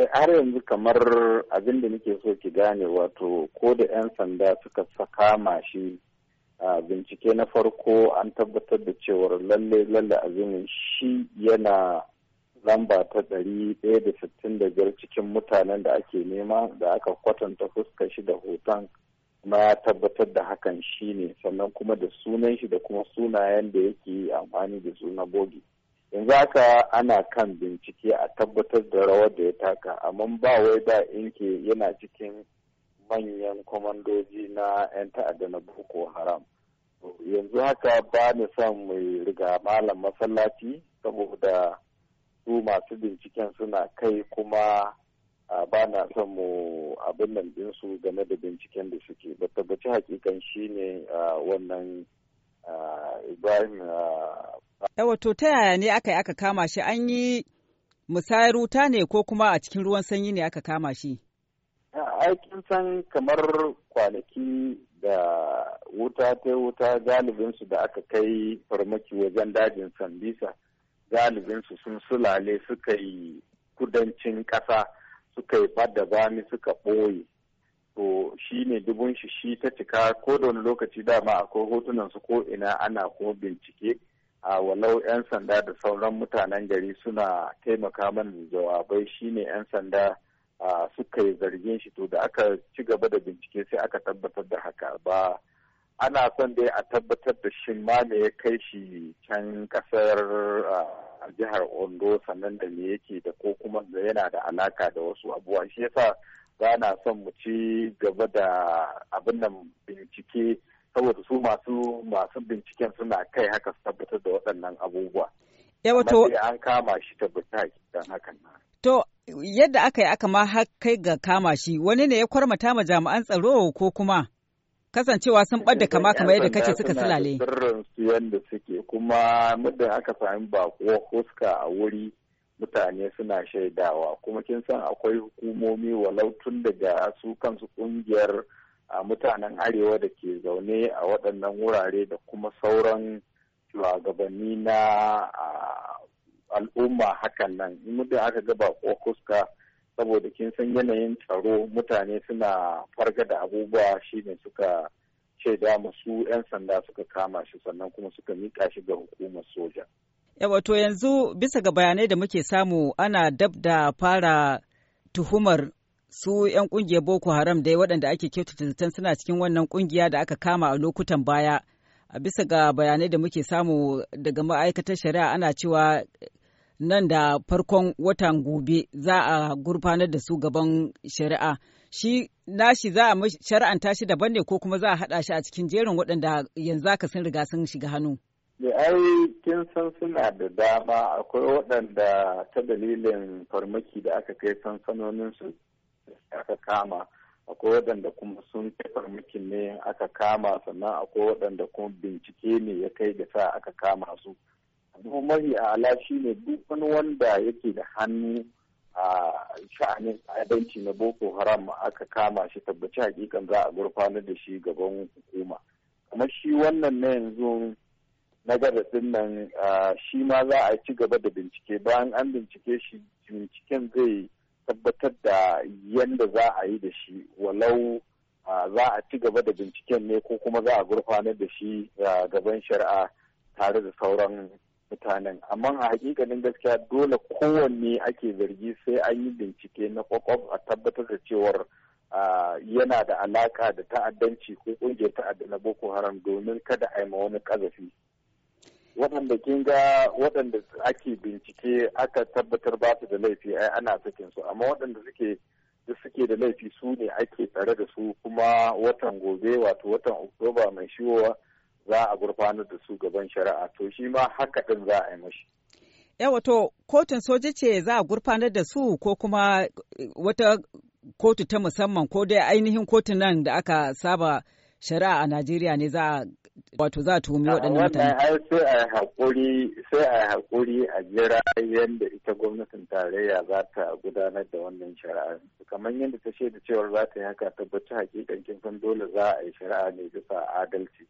Eh, har yanzu kamar abin da nake so ki gane wato ko da 'yan sanda suka kama shi bincike na farko an tabbatar da cewar lalle lalle azumin shi yana lamba ta ɗari ɗaya da sittin da biyar cikin mutanen da ake nema da aka kwatanta fuska shi da hoton kuma ya tabbatar da hakan shi ne sannan kuma da sunan shi da kuma sunayen da yake amfani da su na bogi. yanzu haka ana kan bincike a tabbatar da rawar da ya taka amma ba wai da inke yana cikin manyan kwamandoji na 'yan ta'adda na boko haram yanzu haka ba ni son mai riga malam masallaci saboda su masu binciken suna kai kuma ba na son mu abin nan su game da binciken da suke ba tabbaci hakikan shi ne wannan ibrahim wato ta yaya ne aka yi aka kama shi an yi musayar wuta ne ko kuma a cikin ruwan sanyi ne aka kama shi? Aikin san kamar kwanaki da wuta ta wuta galibinsu da aka kai farmaki wajen dajin sambisa galibinsu sun sulale suka yi kudancin ƙasa suka yi fadda bani suka ɓoye. to shi ne dubun shi shi ta cika ko da wani lokaci dama akwai hotunan su ko ina ana kuma bincike a walau 'yan sanda da sauran mutanen gari suna taimaka mana da jawabai shine 'yan sanda suka yi zargin shi to da aka ci gaba da bincike sai aka tabbatar da haka ba ana son dai a tabbatar da shin ma me ya kai shi can kasar jihar ondo sannan da me yake da ko kuma da yana da alaka da wasu abubuwa shi yasa ba na son mu ci gaba da abin nan bincike saboda su masu masu binciken suna kai haka su tabbatar da waɗannan abubuwa. Yawato. Eh, an kama shi tabbata don hakan na. To yadda aka yi aka ma kai ga kama shi wani ne ya kwarmata ma jami'an tsaro ko kuma kasancewa sun ɓadda kama kamar yadda kace suka silale. Sirrin su yadda suke kuma muddin aka sami bako huska a wuri mutane suna shaidawa kuma kin san akwai hukumomi walau tun daga su kansu kungiyar a mutanen arewa da ke zaune a waɗannan wurare da kuma sauran shugabanni na al'umma hakan nan muddin aka gaba ko kuska saboda kin san yanayin tsaro mutane suna farga da abubuwa shine suka shaida masu 'yan sanda suka kama shi sannan kuma suka miƙa shi ga hukumar soja. wato yanzu bisa ga bayanai da muke samu ana dab da fara tuhumar su 'yan kungiyar Boko Haram dai waɗanda ake kyautata zaton suna cikin wannan kungiya da aka kama a lokutan baya. A bisa ga bayanai da muke samu daga ma'aikatar shari'a ana cewa nan da farkon watan gobe za a gurfanar da su gaban shari'a. Shi nashi za a shari'anta shi daban ne ko kuma za a haɗa shi a cikin jerin waɗanda yanzu aka sun riga sun shiga hannu. da eh, ai kin san suna da dama akwai waɗanda ta dalilin farmaki da aka kai sansanoninsu aka kama akwai waɗanda kuma sun kai farmakin ne aka kama sannan akwai waɗanda kuma bincike ne ya kai da sa aka kama su abu a ala shi ne duk wani wanda yake da hannu a sha'anin adalci na boko haram aka kama shi tabbaci hakikan za a gurfanar da shi gaban hukuma kuma shi wannan na yanzu na gadadin nan shi ma za a ci gaba da bincike bayan an bincike shi binciken zai tabbatar da yadda za a yi da shi walau za a ci gaba da binciken ne ko kuma za a gurfanar da shi gaban shari'a tare da sauran mutanen amma a hakikanin gaskiya dole kowanne ake zargi sai an yi bincike na kwakwab a tabbatar da cewar yana da alaka da ta'addanci ko kungiyar ta'adda na boko haram domin kada a yi ma wani kazafi waɗanda kin ga waɗanda ake bincike aka tabbatar ba su da laifi ai ana sakin su amma waɗanda suke da suke da laifi su ne ake tsare da su kuma watan gobe wato watan oktoba mai shiwowa za a gurfanar da su gaban shari'a to shi ma haka din za a yi mashi yawa to kotun soja ce za a gurfanar da su ko kuma eh, wata kotu ta musamman ko dai ainihin kotun nan da aka saba shari'a a Najeriya ne za a wato za a tuhumi waɗannan mutane. Wannan sai a haƙuri sai a haƙuri a jira yadda ita gwamnatin tarayya za ta gudanar da wannan shari'a. Kamar yadda ta shaida cewar za ta yi haka tabbaci hakikan kin dole za a yi shari'a ne bisa adalci.